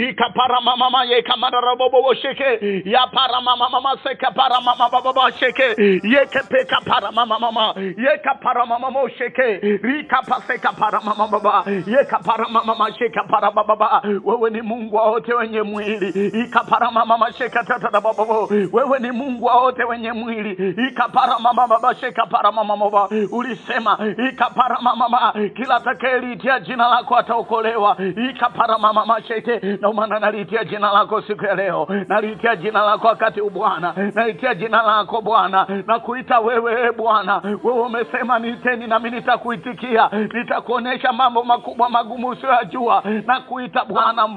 ikaparamamama yekamararobobowosheke yaparamamamama sekaparamamababa sheke yekepekaparamamamama yekaparamamamo sheke rikapasekapara yekaparamamama shekaparabababa wewe ni mungu aote wenye mwili ikaparamamama shekatatarabababo wewe ni mungu aote wenye mwili ikaparamamababa shekaparamamaba ulisema ikaparamamama kila takelitia jina lako ataokolewa ikaparamamama sheke na ndio maana naliitia jina lako siku ya leo, naliitia jina lako wakati ubwana, naliitia jina lako Bwana na kuita wewe, e Bwana. Wewe umesema niiteni, nami nitakuitikia, nitakuonyesha mambo makubwa magumu usiyoyajua. kuita Bwana,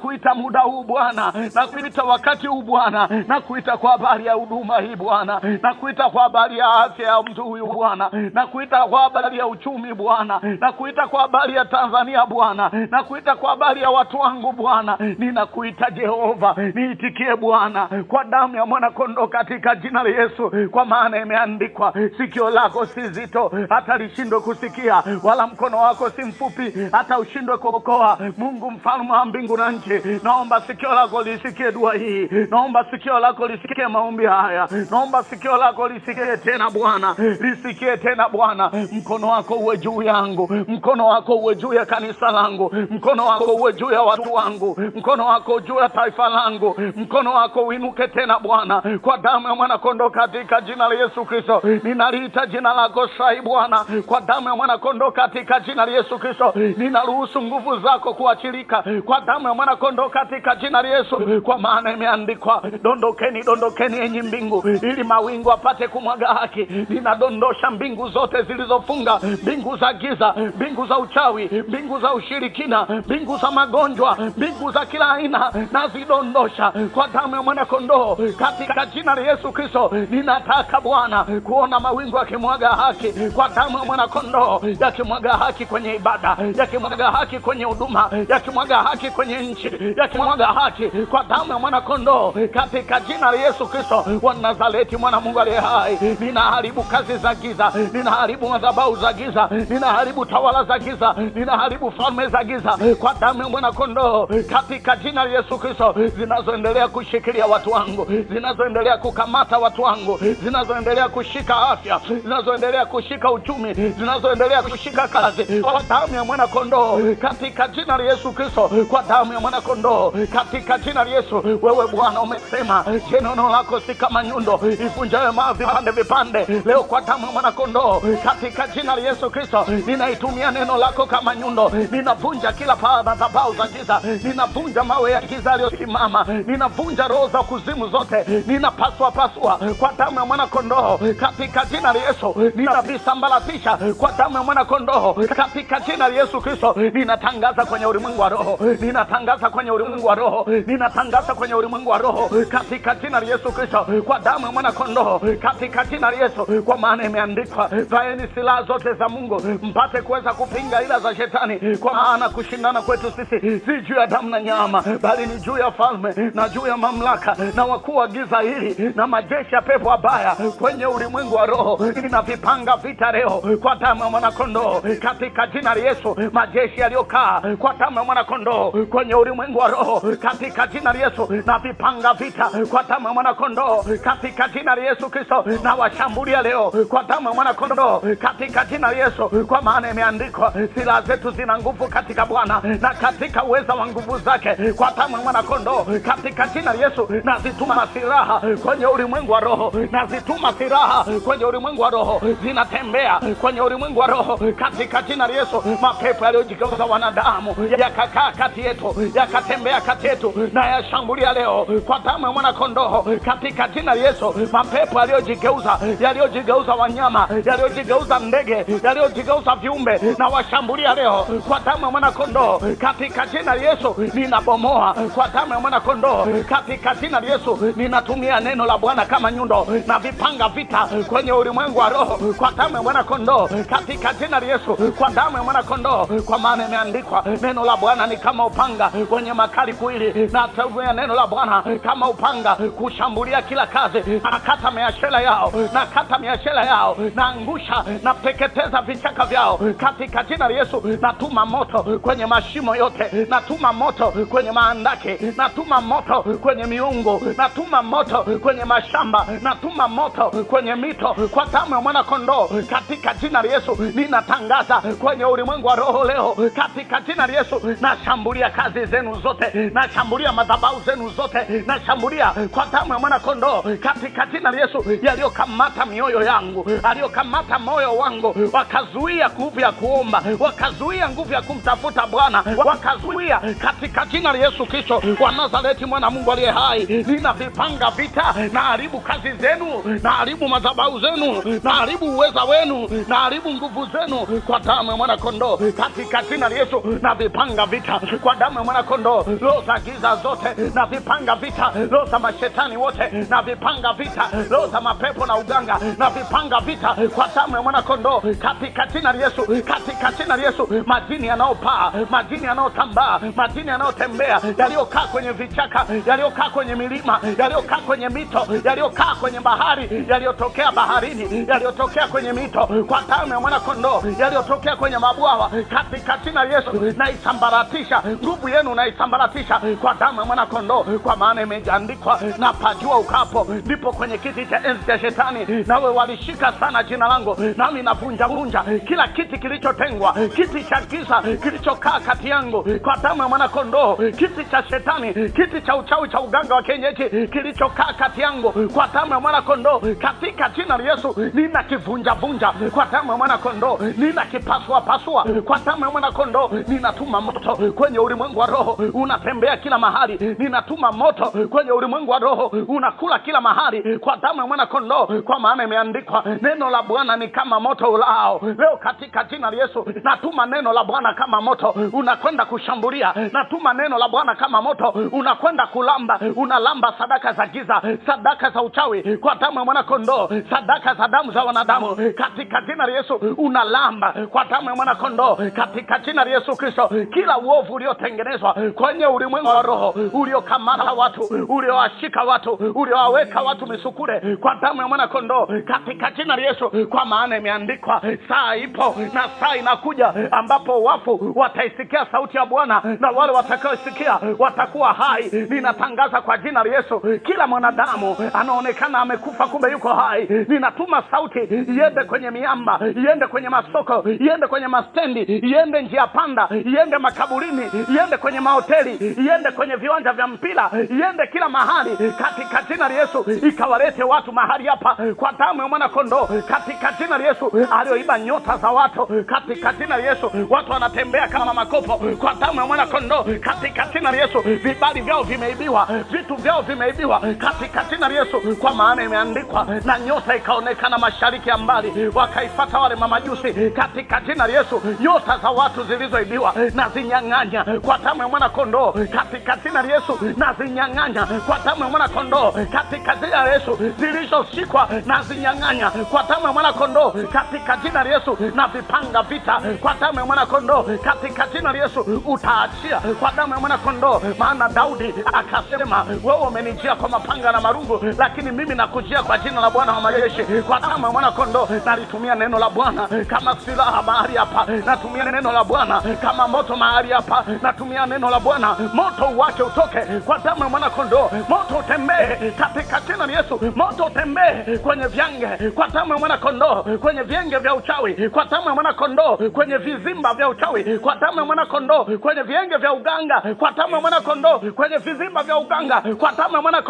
kuita muda huu Bwana, nakuita wakati huu Bwana, nakuita kwa habari ya huduma hii Bwana, nakuita kwa habari ya afya ya mtu huyu Bwana, nakuita kwa habari ya uchumi Bwana, nakuita kwa habari ya Tanzania Bwana, nakuita kwa habari ya watu wangu Bwana. Bwana, ninakuita Jehova, niitikie Bwana, kwa damu ya mwana kondo katika jina la Yesu, kwa maana imeandikwa, sikio lako si zito hata lishindwe kusikia, wala mkono wako si mfupi hata ushindwe kuokoa. Mungu mfalme wa mbingu na nchi, naomba sikio lako lisikie dua hii, naomba sikio lako lisikie maombi haya, naomba sikio lako lisikie tena Bwana, lisikie tena Bwana, mkono wako uwe juu yangu, mkono wako uwe juu ya kanisa langu, mkono wako uwe juu ya watu wangu, mkono wako juu ya taifa langu, mkono wako uinuke tena Bwana, kwa damu ya mwanakondoo katika jina la Yesu Kristo. Ninaliita jina lako sai Bwana, kwa damu ya mwanakondoo katika jina la Yesu Kristo. Ninaruhusu nguvu zako kuachilika kwa damu ya mwanakondoo katika jina la Yesu, kwa maana imeandikwa, dondokeni, dondokeni enyi mbingu, ili mawingu apate kumwaga haki. Ninadondosha mbingu zote zilizofunga, mbingu za giza, mbingu za uchawi, mbingu za ushirikina, mbingu za magonjwa, mbingu za kila aina nazidondosha kwa damu ya mwanakondoo katika jina la Yesu Kristo. Ninataka Bwana kuona mawingu yakimwaga haki kwa damu ya mwanakondoo, yakimwaga haki kwenye ibada, yakimwaga haki kwenye huduma, yakimwaga haki kwenye nchi, yakimwaga haki kwa damu ya mwanakondoo katika jina la Yesu Kristo wa Nazareti, mwana Mungu aliye hai. Ninaharibu kazi za giza, ninaharibu madhabahu za giza, ninaharibu tawala za giza, ninaharibu falme za giza kwa damu ya mwanakondoo katika jina la Yesu Kristo, zinazoendelea kushikilia watu wangu, zinazoendelea kukamata watu wangu, zinazoendelea kushika afya, zinazoendelea kushika uchumi, zinazoendelea kushika kazi, kwa oh, damu ya mwana kondoo, katika jina la Yesu Kristo, kwa damu ya mwana kondoo, katika jina la Yesu. Wewe Bwana umesema neno lako si kama nyundo ivunjayo mawe vipande vipande. Leo kwa damu ya mwana kondoo, katika jina la Yesu Kristo, ninaitumia neno lako kama nyundo, ninavunja kila paa madhabahu za giza, nina ninavunja mawe ya giza aliyosimama ninavunja roho za kuzimu zote, ninapaswa pasua kwa damu ya mwana kondoho katika jina la Yesu, ninavisambaratisha kwa damu ya mwana kondoho katika jina la Yesu Kristo. Ninatangaza kwenye ulimwengu wa roho, ninatangaza kwenye ulimwengu wa roho, ninatangaza kwenye ulimwengu wa roho katika jina la Yesu Kristo, kwa damu ya mwana kondoho katika jina la Yesu, kwa maana imeandikwa, vaeni silaha zote za Mungu mpate kuweza kupinga ila za Shetani, kwa maana kushindana kwetu sisi si juu ya damu na nyama, bali ni juu ya falme na juu ya mamlaka na wakuu wa giza hili na majeshi ya pepo wabaya kwenye ulimwengu wa roho. Ninavipanga vita leo kwa damu ya mwanakondoo katika jina la Yesu. Majeshi yaliyokaa kwa damu ya mwanakondoo kwenye ulimwengu wa roho katika jina la Yesu, navipanga vita kwa damu ya mwanakondoo katika jina la Yesu Kristo. na washambulia leo kwa damu ya mwanakondoo katika jina la Yesu, kwa maana imeandikwa, silaha zetu zina nguvu katika Bwana na katika uweza wa nguvu zake kwa damu ya mwanakondoo katika jina Yesu. Nazituma silaha kwenye ulimwengu wa roho, nazituma silaha kwenye ulimwengu wa roho, zinatembea kwenye ulimwengu wa roho katika jina Yesu. Mapepo yaliyojigeuza wanadamu yakakaa kati yetu, yakatembea kati yetu na yashambulia leo kwa damu ya mwanakondoo katika jina Yesu. Mapepo yaliyojigeuza yaliyojigeuza wanyama yaliyojigeuza ndege yaliyojigeuza viumbe na washambulia leo kwa damu ya mwanakondoo katika jina Yesu ninabomoa kwa damu ya mwana kondoo, katika jina la Yesu. Ninatumia neno la Bwana kama nyundo na vipanga vita kwenye ulimwengu wa roho kwa damu ya mwana kondoo, katika jina la Yesu, kwa damu ya mwana kondoo, kwa maana imeandikwa, neno la Bwana ni kama upanga wenye makali kuili, na natumia neno la Bwana kama upanga kushambulia kila kazi. akata miashela yao, nakata miashela yao, naangusha nateketeza vichaka vyao katika jina la Yesu. Natuma moto kwenye mashimo yote, natuma moto kwenye maandake, natuma moto kwenye miungu, natuma moto kwenye mashamba, natuma moto kwenye mito kwa damu ya mwana kondoo, katika jina la Yesu. Ninatangaza kwenye ulimwengu wa roho leo, katika jina la Yesu. Nashambulia kazi zenu zote, nashambulia madhabahu zenu zote, nashambulia kwa damu ya mwana kondoo, katika jina la Yesu, yaliyokamata mioyo yangu, aliyokamata moyo wangu, wakazuia nguvu ya kuomba, wakazuia nguvu ya kumtafuta Bwana, wakazuia katika katika jina la Yesu Kristo wa Nazareti, mwana Mungu aliye hai, ninavipanga vita na haribu kazi zenu na haribu madhabahu zenu na haribu uweza wenu na haribu nguvu zenu kwa damu ya mwana kondoo, katika jina la Yesu. Na vipanga vita kwa damu ya mwana kondoo, roho za giza zote na vipanga vita, roho za mashetani wote na vipanga vita, roho za mapepo na uganga na vipanga vita kwa damu ya mwana kondoo, katika jina la Yesu, katika jina la Yesu, majini yanaopaa majini yanaotambaa, majini yanayotembea yaliyokaa kwenye vichaka yaliyokaa kwenye milima yaliyokaa kwenye mito yaliyokaa kwenye bahari yaliyotokea baharini yaliyotokea kwenye mito kwa damu ya mwanakondoo yaliyotokea kwenye mabwawa katikati na Yesu naisambaratisha nguvu yenu naisambaratisha kwa damu ya kondoo kwa maana imejandikwa na pajua ukapo ndipo kwenye kiti cha enzi cha shetani nawe walishika sana jina langu nami navunjavunja kila kiti kilichotengwa kiti cha giza kilichokaa kati yangu kwa damu ya mwanakondoo roho, kiti cha shetani, kiti cha uchawi cha uganga wa kienyeji kilichokaa kati yangu, kwa damu ya mwana kondoo, katika jina la Yesu ninakivunjavunja kwa damu ya mwana kondoo, ninakipasuapasua kwa damu ya mwana kondoo. Ninatuma moto kwenye ulimwengu wa roho, unatembea kila mahali. Ninatuma moto kwenye ulimwengu wa roho, unakula kila mahali kwa damu ya mwana kondoo, kwa maana imeandikwa, neno la Bwana ni kama moto ulao. Leo katika jina la Yesu natuma neno la Bwana kama moto unakwenda kushambulia, natuma unatuma neno la bwana kama moto unakwenda kulamba unalamba sadaka za giza sadaka za uchawi kwa damu ya mwanakondoo sadaka za damu za wanadamu katika jina la yesu unalamba kwa damu ya mwanakondoo katika jina la yesu kristo kila uovu uliotengenezwa kwenye ulimwengu wa roho uliokamata watu uliowashika watu uliowaweka watu misukule kwa damu ya mwanakondoo katika jina la yesu kwa maana imeandikwa saa ipo na saa inakuja ambapo wafu wataisikia sauti ya bwana na wale wat watakaosikia watakuwa hai. Ninatangaza kwa jina la Yesu, kila mwanadamu anaonekana amekufa, kumbe yuko hai. Ninatuma sauti iende kwenye miamba, iende kwenye masoko, iende kwenye mastendi, iende njia panda, iende makaburini, iende kwenye mahoteli, iende kwenye viwanja vya mpira, iende kila mahali katika jina la Yesu, ikawalete watu mahali hapa kwa damu ya mwana kondoo, katika jina la Yesu. Aliyoiba nyota za watu katika jina la Yesu, watu wanatembea kama makopo kwa damu ya mwana kondoo katika jina la Yesu, vibali vyao vimeibiwa, vitu vyao vimeibiwa katika jina la Yesu, kwa maana imeandikwa, na nyota ikaonekana mashariki ya mbali, wakaifata wale mamajusi katika jina la Yesu. Nyota za watu zilizoibiwa na zinyang'anya kwa damu ya mwana kondoo katika jina la Yesu, na zinyang'anya kwa damu ya mwana kondoo katika jina la Yesu, zilizoshikwa na zinyang'anya kwa damu ya mwana kondoo katika jina la Yesu, na vipanga vita kwa damu ya mwana kondoo katika jina la Yesu utaachia kwa kwa damu ya mwanakondoo. Maana Daudi akasema, wewe umenijia kwa mapanga na marungu, lakini mimi nakujia kwa jina la Bwana wa majeshi, kwa damu ya mwanakondoo. Nalitumia neno la Bwana kama silaha mahali hapa, natumia neno la Bwana kama moto mahali hapa, natumia neno la Bwana, moto uwake utoke kwa damu ya mwanakondoo, moto utembee katika jina la Yesu, moto utembee kwenye vyange kwa damu ya mwanakondoo, kwenye vyenge vya uchawi kwa damu ya mwanakondoo, kwenye vizimba vya uchawi kwa damu ya mwanakondoo, kwenye vyenge vya uga uganga, kwa damu ya mwana kondoo, kwenye vizimba vya uganga, kwa damu ya mwana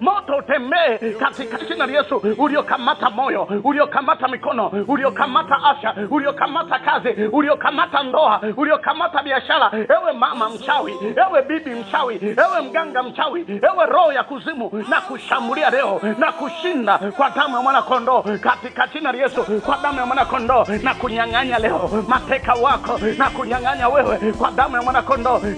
moto utembee katika jina la Yesu, uliokamata moyo, uliokamata mikono, uliokamata afya, uliokamata kazi, uliokamata ndoa, uliokamata biashara. Ewe mama mchawi, ewe bibi mchawi, ewe mganga mchawi, ewe roho ya kuzimu, na kushambulia leo na kushinda kwa damu ya mwana katika jina la Yesu, kwa damu ya mwana na kunyang'anya leo mateka wako, na kunyang'anya wewe kwa damu ya mwana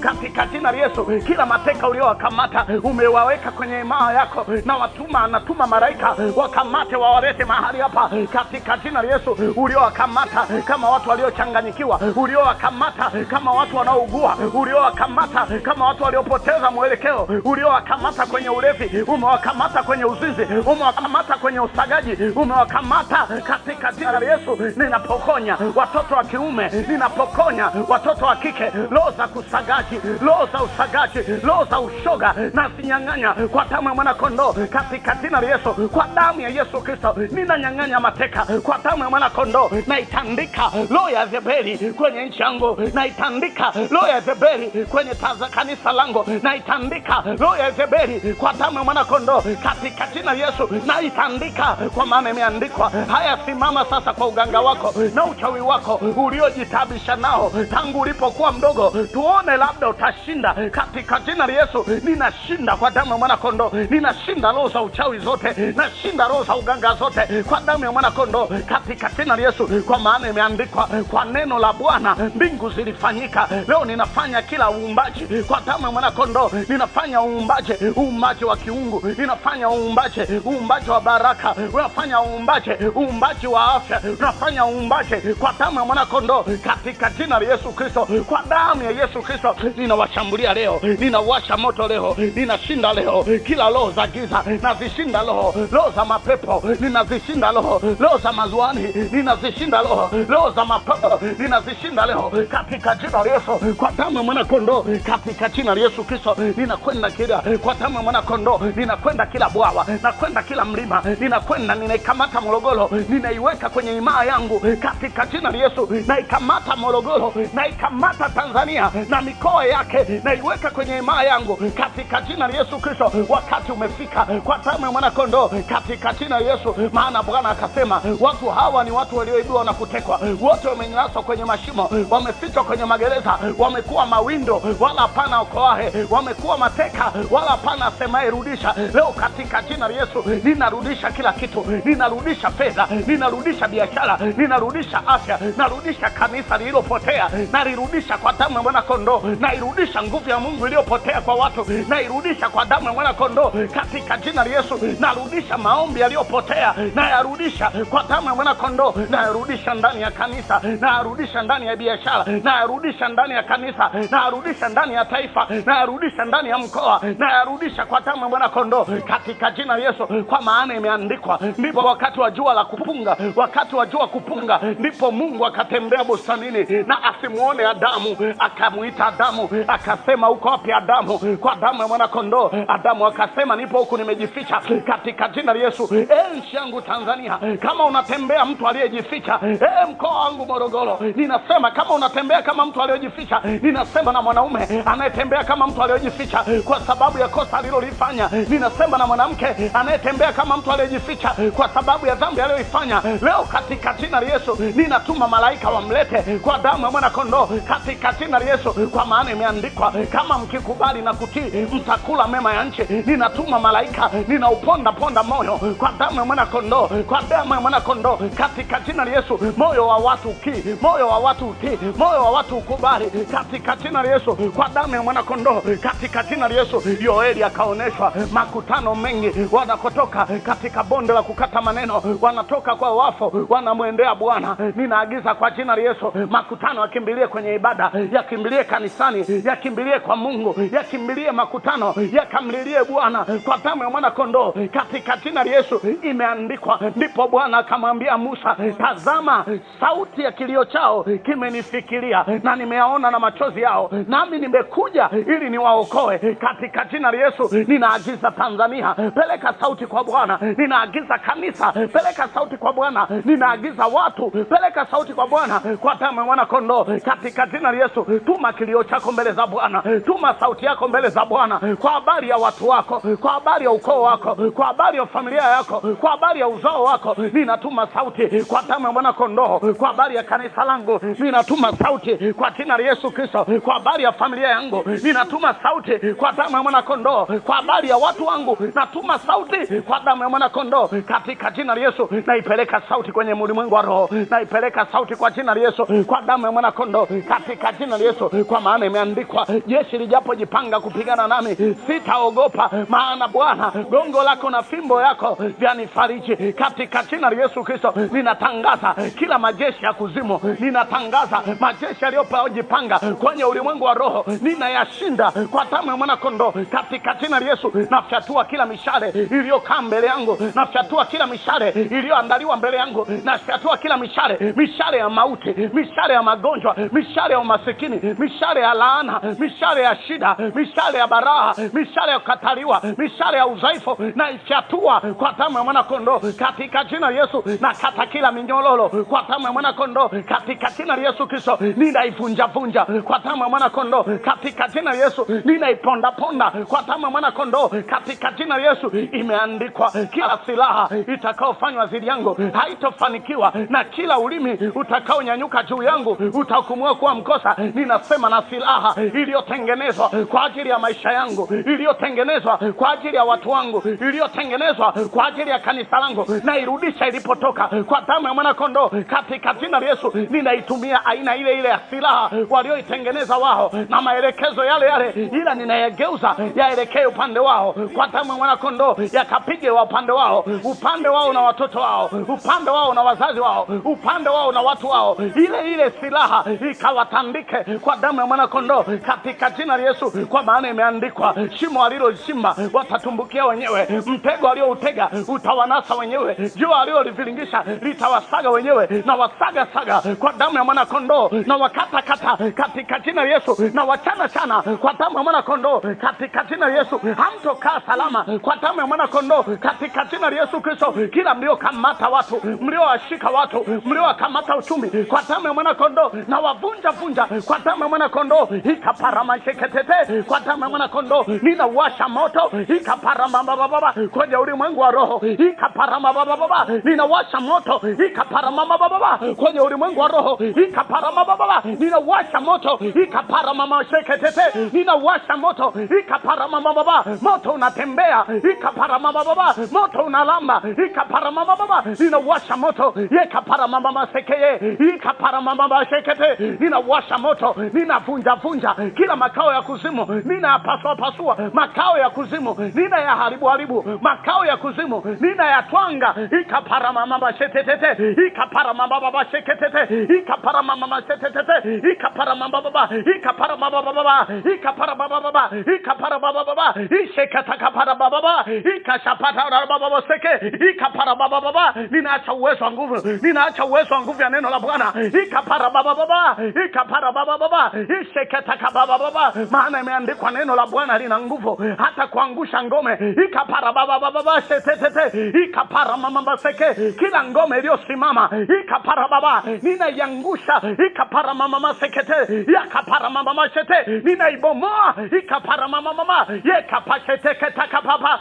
katika jina la Yesu. Kila mateka uliowakamata umewaweka kwenye imaa yako, na watuma anatuma malaika wakamate, wawalete mahali hapa katika jina la Yesu. Uliowakamata kama watu waliochanganyikiwa, uliowakamata kama watu wanaougua, uliowakamata kama watu waliopoteza mwelekeo, uliowakamata kwenye ulevi, umewakamata kwenye uzinzi, umewakamata kwenye usagaji, umewakamata katika jina la Yesu. Ninapokonya watoto wa kiume, ninapokonya watoto wa kike, roho za kusagaji uzinzi, roho za usagaji, roho za ushoga nazinyang'anya kwa damu ya mwanakondoo katika jina la Yesu. Kwa damu ya Yesu Kristo ninanyang'anya mateka kwa damu ya mwanakondoo, naitandika roho ya zeberi kwenye nchi yangu, naitandika roho ya zebeli kwenye taza kanisa langu, naitandika roho ya zebeli kwa damu ya mwanakondoo katika jina la Yesu, naitandika kwa maana imeandikwa. Haya, simama sasa kwa uganga wako na uchawi wako uliojitabisha nao tangu ulipokuwa mdogo, tuone labda labda utashinda katika jina la Yesu. Ninashinda kwa damu ya mwana kondoo, ninashinda roho za uchawi zote, nashinda roho za uganga zote kwa damu ya mwana kondoo katika jina la Yesu, kwa maana imeandikwa kwa neno la Bwana mbingu zilifanyika. Leo ninafanya kila uumbaji kwa damu ya mwana kondoo, ninafanya uumbaji, uumbaji wa kiungu, ninafanya uumbaji, uumbaji wa baraka, unafanya uumbaji, uumbaji wa afya, unafanya uumbaji kwa damu ya mwana kondoo katika jina la Yesu Kristo, kwa damu ya Yesu Kristo ninawashambulia leo, ninawasha moto leo, ninashinda leo kila roho za giza, nazishinda roho roho za mapepo, ninazishinda roho roho za mazuani, ninazishinda roho roho za mapepo, ninazishinda leo katika jina la Yesu, kwa damu ya mwana kondoo, katika jina la Yesu Kristo, ninakwenda kila kwa damu ya mwana kondoo, ninakwenda kila bwawa, nakwenda kila mlima, ninakwenda ninaikamata Morogoro, ninaiweka kwenye imaa yangu katika jina la Yesu, naikamata Morogoro, naikamata Tanzania na mikoa huduma yake naiweka kwenye imaa yangu katika jina la Yesu Kristo. Wakati umefika kwa tamu ya mwanakondoo katika jina la Yesu, maana Bwana akasema watu hawa ni watu walioibiwa na kutekwa, wote wamenyaswa kwenye mashimo, wamefichwa kwenye magereza, wamekuwa mawindo wala hapana okoahe, wamekuwa mateka wala hapana asemaye rudisha. Leo katika jina la Yesu ninarudisha kila kitu, ninarudisha fedha, ninarudisha biashara, ninarudisha afya, narudisha kanisa lililopotea, nalirudisha kwa tamu ya mwanakondoo na nairudisha nguvu ya Mungu iliyopotea kwa watu, nairudisha kwa damu ya mwana kondoo katika jina la Yesu. Narudisha maombi yaliyopotea, nayarudisha kwa damu ya mwana kondoo nayarudisha ndani ya kanisa, nayarudisha ndani ya biashara, nayarudisha ndani ya kanisa, nayarudisha ndani ya taifa, nayarudisha ndani ya mkoa, nayarudisha kwa damu ya mwana kondoo katika jina la Yesu, kwa maana imeandikwa, ndipo wakati wa jua la kupunga, wakati wa jua kupunga, ndipo Mungu akatembea bustanini na asimwone Adamu, akamwita Adamu akasema uko wapi Adamu? Kwa damu ya mwana kondoo Adamu akasema nipo huku, nimejificha katika jina la Yesu. E, nchi yangu Tanzania, kama unatembea mtu aliyejificha, e, mkoa wangu Morogoro, ninasema kama unatembea kama mtu aliyejificha, ninasema na mwanaume anayetembea kama mtu aliyejificha kwa sababu ya kosa alilolifanya, ninasema na mwanamke anayetembea kama mtu aliyejificha kwa sababu ya dhambi aliyoifanya, leo katika jina la Yesu ninatuma malaika wamlete kwa damu ya kondoo, katika jina la Yesu, kwa maana imeandikwa, kama mkikubali na kutii mtakula mema ya nchi. Ninatuma malaika, ninauponda ponda moyo kwa damu ya mwana kondoo, kwa damu ya mwana kondoo, katika jina la Yesu. Moyo wa watu ukii, moyo wa watu utii, moyo wa watu ukubali, katika jina la Yesu, kwa damu ya mwana kondoo, katika jina la Yesu. Yoeli akaonyeshwa makutano mengi wanakotoka katika bonde la kukata maneno, wanatoka kwa wafo wanamwendea Bwana. Ninaagiza kwa jina la Yesu, makutano yakimbilie kwenye ibada, yakimbilie kanisani shetani yakimbilie kwa Mungu, yakimbilie makutano, yakamlilie Bwana kwa damu ya mwana kondoo katika jina la Yesu, imeandikwa. Ndipo Bwana akamwambia Musa, tazama, sauti ya kilio chao kimenifikiria na nimeyaona na machozi yao, nami nimekuja ili niwaokoe katika jina la Yesu. Ninaagiza Tanzania, peleka sauti kwa Bwana. Ninaagiza kanisa, peleka sauti kwa Bwana. Ninaagiza watu, peleka sauti kwa Bwana kwa damu ya mwana kondoo katika jina la Yesu. Tuma kilio chako yako mbele za Bwana, tuma sauti yako mbele za Bwana kwa habari ya watu wako, kwa habari ya ukoo wako, kwa habari ya familia yako, kwa habari ya uzao wako. Ninatuma sauti kwa damu ya mwana kondoo, kwa habari ya kanisa langu. Ninatuma sauti kwa jina la Yesu Kristo, kwa habari ya familia yangu. Ninatuma sauti kwa damu ya mwana kondoo, kwa habari ya watu wangu. Natuma sauti kwa damu ya mwana kondoo, katika jina la Yesu. Naipeleka sauti kwenye ulimwengu wa roho, naipeleka sauti kwa jina la Yesu, kwa damu ya mwana kondoo, katika jina la Yesu, kwa maana imeandikwa, jeshi lijapojipanga kupigana nami sitaogopa, maana Bwana gongo lako na fimbo yako vyanifariji. Katika jina la Yesu Kristo ninatangaza kila majeshi ya kuzimu, ninatangaza majeshi yaliyopojipanga kwenye ulimwengu wa roho, ninayashinda kwa damu ya kondoo. Katika jina la Yesu nafyatua kila mishale iliyokaa mbele yangu, nafyatua kila mishale iliyoandaliwa mbele yangu, nafyatua kila mishale, mishale ya mauti, mishale ya magonjwa, mishale ya umasikini, mishale ya laana, mishale ya shida, mishale ya baraha, mishale ya kukataliwa, mishale ya udhaifu na ifyatua kwa damu ya mwanakondoo katika jina Yesu. Na kata kila minyololo kwa damu ya mwanakondoo katika jina Yesu Kristo. Ninaivunjavunja kwa damu ya kondo katika jina Yesu. Ninaipondaponda kwa damu ya mwanakondoo katika jina Yesu. Imeandikwa, kila silaha itakaofanywa dhidi yangu haitofanikiwa, na kila ulimi utakaonyanyuka juu yangu utahukumiwa kuwa mkosa. Ninasema na silaha furaha iliyotengenezwa kwa ajili ya maisha yangu, iliyotengenezwa kwa ajili ya watu wangu, iliyotengenezwa kwa ajili ya kanisa langu, nairudisha ilipotoka kwa damu ya mwanakondo Katika jina la Yesu ninaitumia aina ile ile ya silaha walioitengeneza wao na maelekezo yale yale, ila ninayageuza yaelekee upande wao kwa damu ya mwanakondo yakapige wa upande wao, upande wao na watoto wao, upande wao na wazazi wao, upande wao na watu wao, ile ile silaha ikawatandike kwa damu ya mwanakondoo kondoo katika jina la Yesu, kwa maana imeandikwa, shimo alilochimba watatumbukia wenyewe, mtego alioutega utawanasa wenyewe, jua aliloliviringisha litawasaga wenyewe, na wasaga saga kwa damu ya mwana kondoo, na wakatakata katika jina la Yesu, na wachana chana kwa damu ya mwana kondoo, katika jina la Yesu. Hamtokaa salama kwa damu ya mwana kondoo, katika jina la Yesu Kristo. Kila mliokamata watu, mliowashika watu, mliowakamata uchumi kwa damu ya mwana kondoo, na wavunja vunja kwa damu ya mwana kondoo ikaparamasheketepe kwa damu ya mwanakondoo ninawasha moto ikaparamabababa kwenye ulimwengu wa roho ikaparamabababa ninawasha moto ikaparamabababa kwenye ulimwengu wa roho ikaparamabababa ninawasha moto ikaparamasheketepe ninawasha moto ikaparamababa moto unatembea ikaparamababa moto unalamba ikaparamababa ninawasha moto yekaparamababasekeye ikaparamababashekete ninawasha moto ninavunja nayavunja kila makao ya kuzimu ninayapasuapasua makao ya kuzimu ninayaharibu haribu makao ya kuzimu ninayatwanga mabababa ikapara mabababa ikapara mabababa ikaparamabababa ikaparamabababa ishekatakaparabababa ikapara mabababa ninaacha uwezo wa nguvu ninaacha uwezo wa nguvu ya neno la bwana ikapara mabababa isheke iketakababababa, maana imeandikwa neno la Bwana lina nguvu hata kuangusha ngome ikapara shetetete ikapara ikaparamamabaseke, kila ngome iliyosimama ikapara baba ninaiangusha ikapara ikaparamamasekete yakaparamamamashete, ninaibomoa ikapara ikaparamamamama yekapasheteketakapapa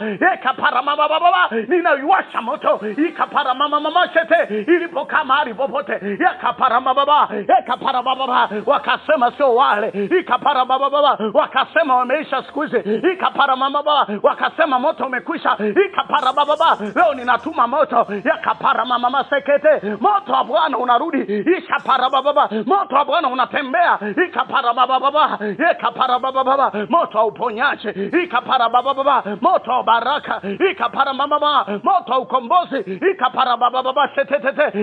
mamabababa ninaiwasha moto ikaparamamamamashete, ilipo ilipokaa mahali popote yakapara mababa yekapara bababa wakasema sio wale ikapara baba baba, wakasema wameisha siku hizi, ikapara mama baba, wakasema moto umekwisha, ikapara baba baba, leo ninatuma moto yakapara mama masekete, moto wa Bwana unarudi, ikapara baba baba, moto wa Bwana unatembea, ikapara baba baba, ikapara baba baba, moto wa uponyaji, ikapara baba baba, moto wa baraka, ikapara mama baba, moto wa ukombozi, ikapara baba baba,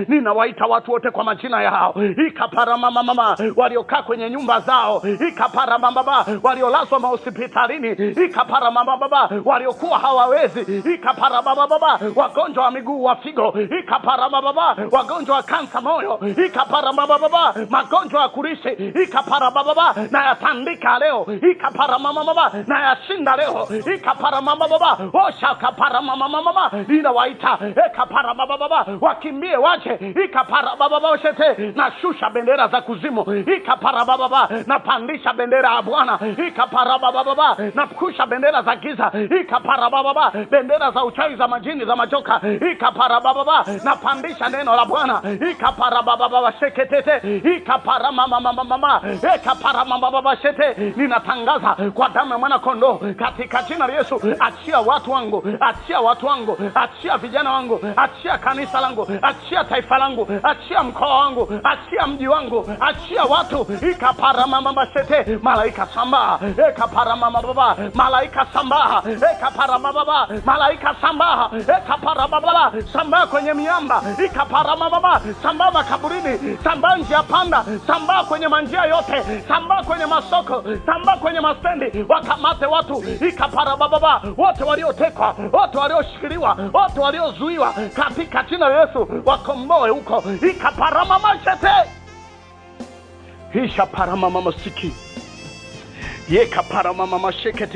ninawaita watu wote kwa majina yao, ikapara mama mama, waliokaa kwenye nyumba zao ikapara mababa waliolazwa mahospitalini ikapara mabababa waliokuwa hawawezi ikapara mabababa wagonjwa wa miguu wa figo ikapara mababa wagonjwa wa kansa moyo ikapara mabababa magonjwa ya kurishi ikapara mababa na yatandika leo ikapara mamababa na yashinda leo ikapara mamababa osha kapara mamamamama inawaita ekapara mabababa wakimbie wache ikapara mambaba, oshete na shusha bendera za kuzimu ikapara mambaba na Pandisha bendera ya Bwana ikaparabababa na bendera za giza ikaparabababa, bendera za uchawi za majini za majoka ikaparabababa, na pandisha neno la Bwana ikaparabababa sheketete ikaparamamamamama ikaparamamababa shete. Ninatangaza kwa damu ya mwana kondoo katika jina la Yesu, achia watu wangu, achia watu wangu, achia vijana wangu, achia kanisa langu, achia taifa langu, achia mkoa wangu, achia mji wangu, achia watu ikaparamamama masete malaika samba ekaparamababa malaika samba baba malaika samba baba samba kwenye miamba ikaparamababa samba makaburini samba njia panda samba kwenye manjia yote samba kwenye masoko samba kwenye mastendi wakamate watu ikaparabababa wote waliotekwa wote walioshikiliwa wote waliozuiwa katika jina la yesu wakomboe huko ikaparamamashete hisha mama masiki yeka mama masheke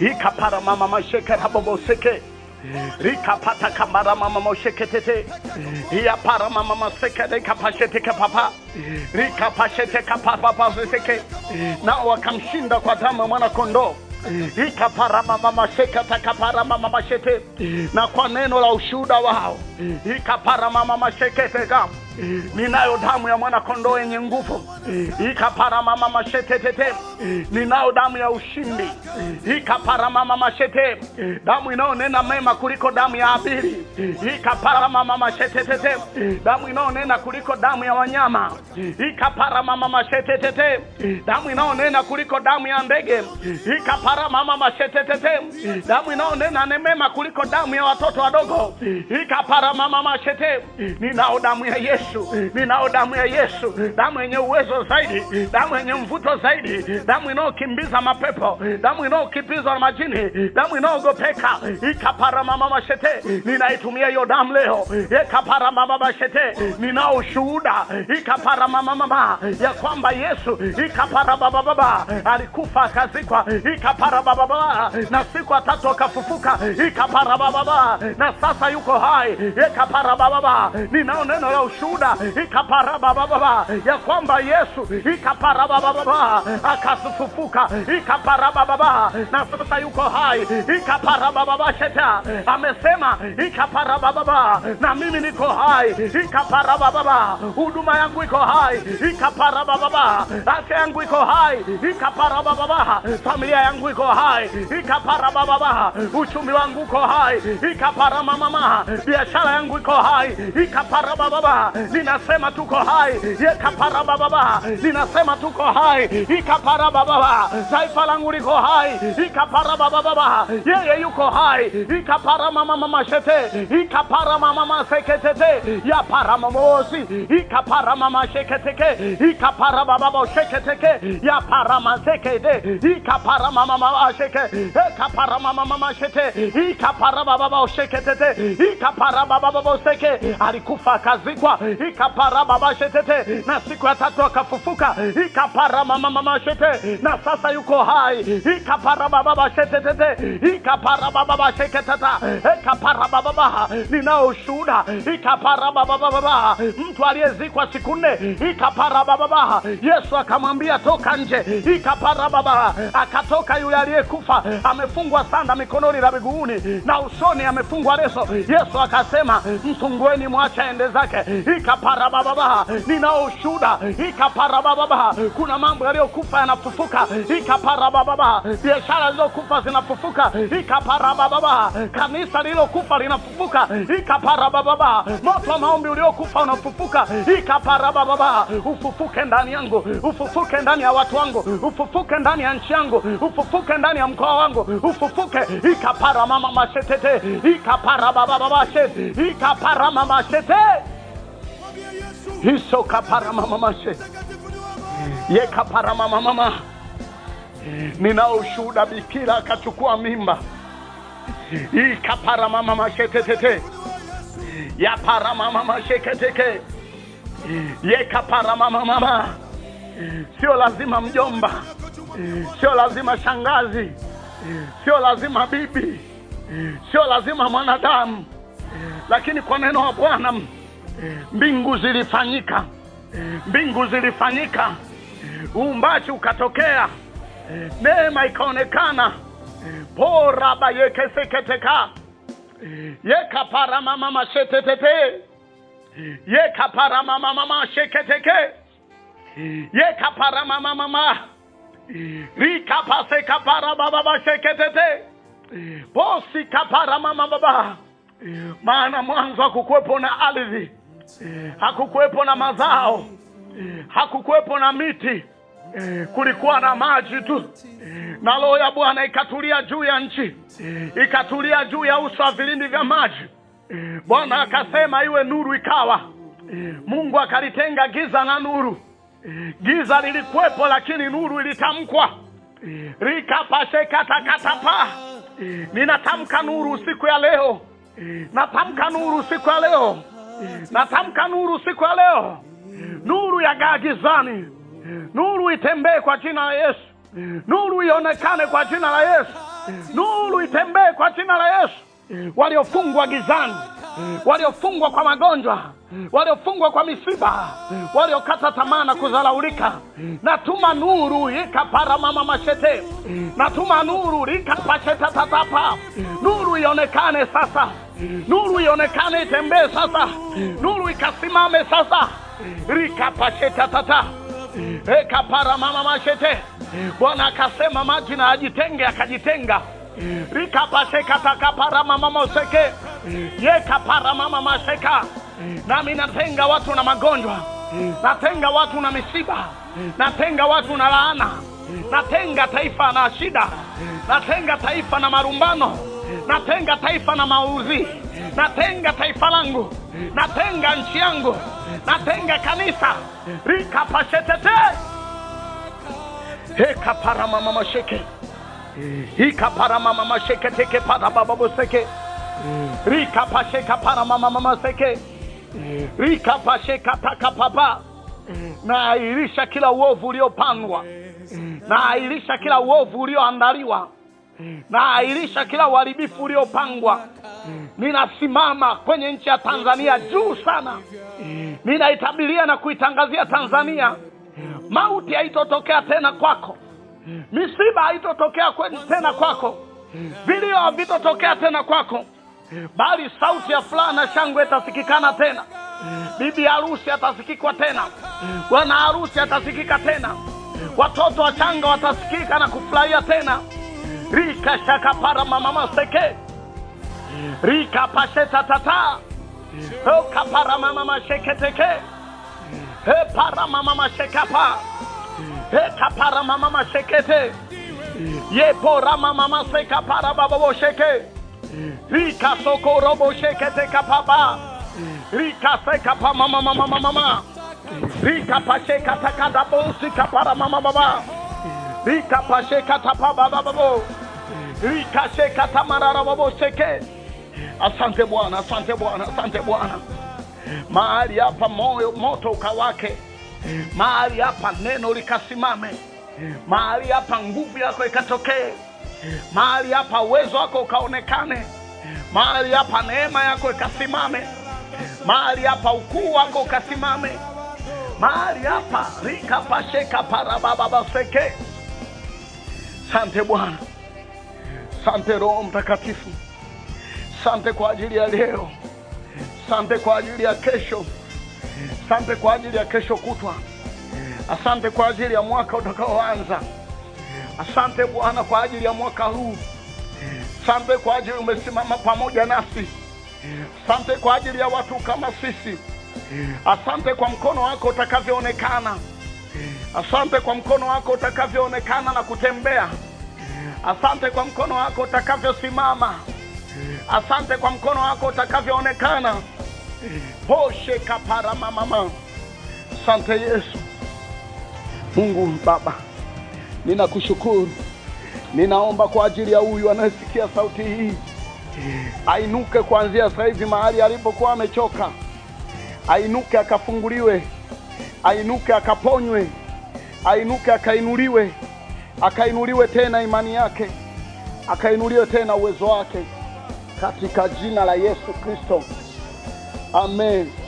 ika paramama rikapata kambara mama moshekedete iya para mama masekede kapashete kapapa rikapashete kapapa nao wakamshinda kwa damu mwana kondoo ikaparamamamashekatakaparamamamashete na kwa neno la ushuda wao ikaparamamamasheketeka Ninayo damu ya mwana kondoo yenye nguvu eh. ikapara mama mashetetete. Eh. Ninayo damu ya ushindi eh. ikapara mama mashete, damu inayonena mema kuliko damu ya Abili ikapara mama mashetetete, damu inayonena kuliko damu ya wanyama ikapara mama mashetetete, damu inayonena kuliko damu ya ndege ikapara mama mashetetete, damu inayonena ne mema kuliko damu ya watoto wadogo ikapara mama mashete. Ninao damu ya Yesu Yesu, ninao damu ya Yesu, damu yenye uwezo zaidi, damu yenye mvuto zaidi, damu inayokimbiza mapepo, damu inayokimbizwa na majini, damu mama mashete, Ninaitumia hiyo damu leo mashete, ninao ushuhuda mama ya kwamba Yesu ikapara baba alikufa akazikwa, ikapara baba na siku atatu akafufuka, baba na sasa yuko hai, baba, ninao neno la ushuhuda Yuda baba ya kwamba Yesu ikapara ikaparabababa akasufufuka baba na sasa yuko hai baba sheta amesema ikapara baba na mimi niko hai baba huduma yangu iko hai baba afya yangu iko hai baba familia yangu iko hai ikapara baba uchumi wangu uko hai ikapara mama biashara yangu iko hai baba linasema tuko hai, yekaparabababa linasema tuko hai, ikaparabababa taifa langu liko hai, ikaparabababa yeye yuko hai, ikaparamamamamashete ikaparamamamaseketete yaparamamosi ikaparamamasheketeke ikaparabababosheketeke yaparamasekede ikaparamamamasheke ekaparamamamashete ikaparabababa osheketete ikaparabababa oseke alikufa akazikwa ikaparababashetete na siku ya tatu akafufuka ikaparamamamamashete na sasa yuko hai ikaparabababashetetete ikaparabababasheketata ikaparabababaha ninao ushuhuda ikaparababababaha mtu aliyezikwa siku nne ikaparabababaha Yesu akamwambia toka nje ikaparababaha akatoka yule aliyekufa amefungwa sanda mikononi na miguuni na usoni amefungwa leso Yesu akasema mfungueni mwacha aende zake ikaparabababaha, ninao ikaparabababaha. Kuna mambo yaliyokufa yanafufuka ikaparabababaha, biashara zilizokufa zinafufuka ikaparabababaha, kanisa lililokufa linafufuka ikaparabababaha, moto wa maombi uliokufa unafufuka ikaparabababaha. Ufufuke ndani yangu, ufufuke ndani ya watu wangu, ufufuke ndani ya nchi yangu, ufufuke ndani ya mkoa wangu, ufufuke ikapara mama ikaparamamashete hiso kaparamamamashe ye kaparamamamama ninao ushuhuda bikira akachukua mimba hii kaparamamamashetetete yaparamamamasheteteke ye kaparamamamama sio lazima mjomba sio lazima shangazi sio lazima bibi sio lazima mwanadamu lakini kwa neno wa bwana mbingu zilifanyika, mbingu zilifanyika, uumbaji ukatokea, neema ikaonekana. poraba yekeseketeka yekaparamamamashetetete yekaparamamamasheteteke yekaparamamamama rikapasekaparababamashetetete mama baba maana mwanzo akukwepo na ardhi hakukuwepo na mazao, hakukuwepo na miti, kulikuwa na maji tu, na roho ya Bwana ikatulia juu ya nchi, ikatulia juu ya uso wa vilindi vya maji. Bwana akasema iwe nuru, ikawa. Mungu akalitenga giza na nuru. Giza lilikuwepo, lakini nuru ilitamkwa, rikapashekatakatapa Ninatamka nuru siku ya leo, natamka nuru siku ya leo Natamka nuru siku ya leo, nuru ya gagizani, nuru itembee kwa jina la Yesu, nuru ionekane kwa jina la Yesu, nuru itembee kwa jina la Yesu. Waliofungwa gizani waliofungwa kwa magonjwa, waliofungwa kwa misiba, waliokata tamaa na kudharaulika. Natuma nuru ikapara mama mashete, natuma nuru tatapa, nuru ionekane sasa, nuru ionekane itembee sasa, nuru ikasimame sasa, rikapashetatata ekapara mama mashete. Bwana akasema maji na ajitenge, akajitenga rikapashekatakapara mama moseke Mm. mama masheka. Mm. Nami natenga watu na magonjwa, mm. natenga watu na misiba, natenga watu na laana, natenga taifa na shida, natenga taifa na marumbano, natenga taifa na mauzi, natenga taifa langu, natenga nchi yangu, natenga kanisa rikapashetete hekaparamama masheke ikaparamama masheke teke para bababoseke rikapashekaparamamamaseke rikapashekatakapapa naairisha kila uovu uliopangwa naairisha kila uovu ulioandaliwa naairisha kila uharibifu uliopangwa ninasimama kwenye nchi ya tanzania juu sana ninaitabilia na kuitangazia tanzania mauti haitotokea tena kwako misiba haitotokea tena kwako vilio havitotokea tena kwako bali sauti ya furaha na shangwe itasikikana tena. Bibi harusi atasikikwa tena, bwana harusi atasikika tena, watoto wachanga watasikika na kufurahia tena. rika shaka para mama maseke rika pasheta tata oka para mama masheke teke he para mama masheka pa he mama mashekete ye pora mama maseka para baba bosheke Ikasoko robo shekete kapapa. Ikase kapa mama mama mama. Ikapashe katakada kapara mama mama. baba babo. Ikashe robo sheke. Asante Bwana, asante Bwana, asante Bwana. Mahali hapa moyo moto ukawake. Mahali hapa neno likasimame. Mahali hapa nguvu yako ikatokee. Mahali hapa uwezo wako ukaonekane, mahali hapa neema yako ikasimame, mahali hapa ukuu wako ukasimame, mahali hapa rikapasheka parabababaseke. Sante Bwana, sante Roho Mtakatifu, sante kwa ajili ya leo, sante kwa ajili ya kesho, sante kwa ajili ya kesho kutwa, asante kwa ajili ya mwaka utakaoanza. Asante Bwana kwa ajili ya mwaka huu. Asante kwa ajili umesimama pamoja nasi. Asante kwa ajili ya watu kama sisi. Asante kwa mkono wako utakavyoonekana. Asante kwa mkono wako utakavyoonekana na kutembea. Asante kwa mkono wako utakavyosimama. Asante kwa mkono wako utakavyoonekana. Poshe kapara mama. Asante Yesu. Mungu Baba ninakushukuru. Ninaomba kwa ajili ya huyu anayesikia sauti hii, ainuke kuanzia sasa hivi mahali alipokuwa amechoka, ainuke akafunguliwe, ainuke akaponywe, ainuke akainuliwe, akainuliwe tena imani yake, akainuliwe tena uwezo wake, katika jina la Yesu Kristo, amen.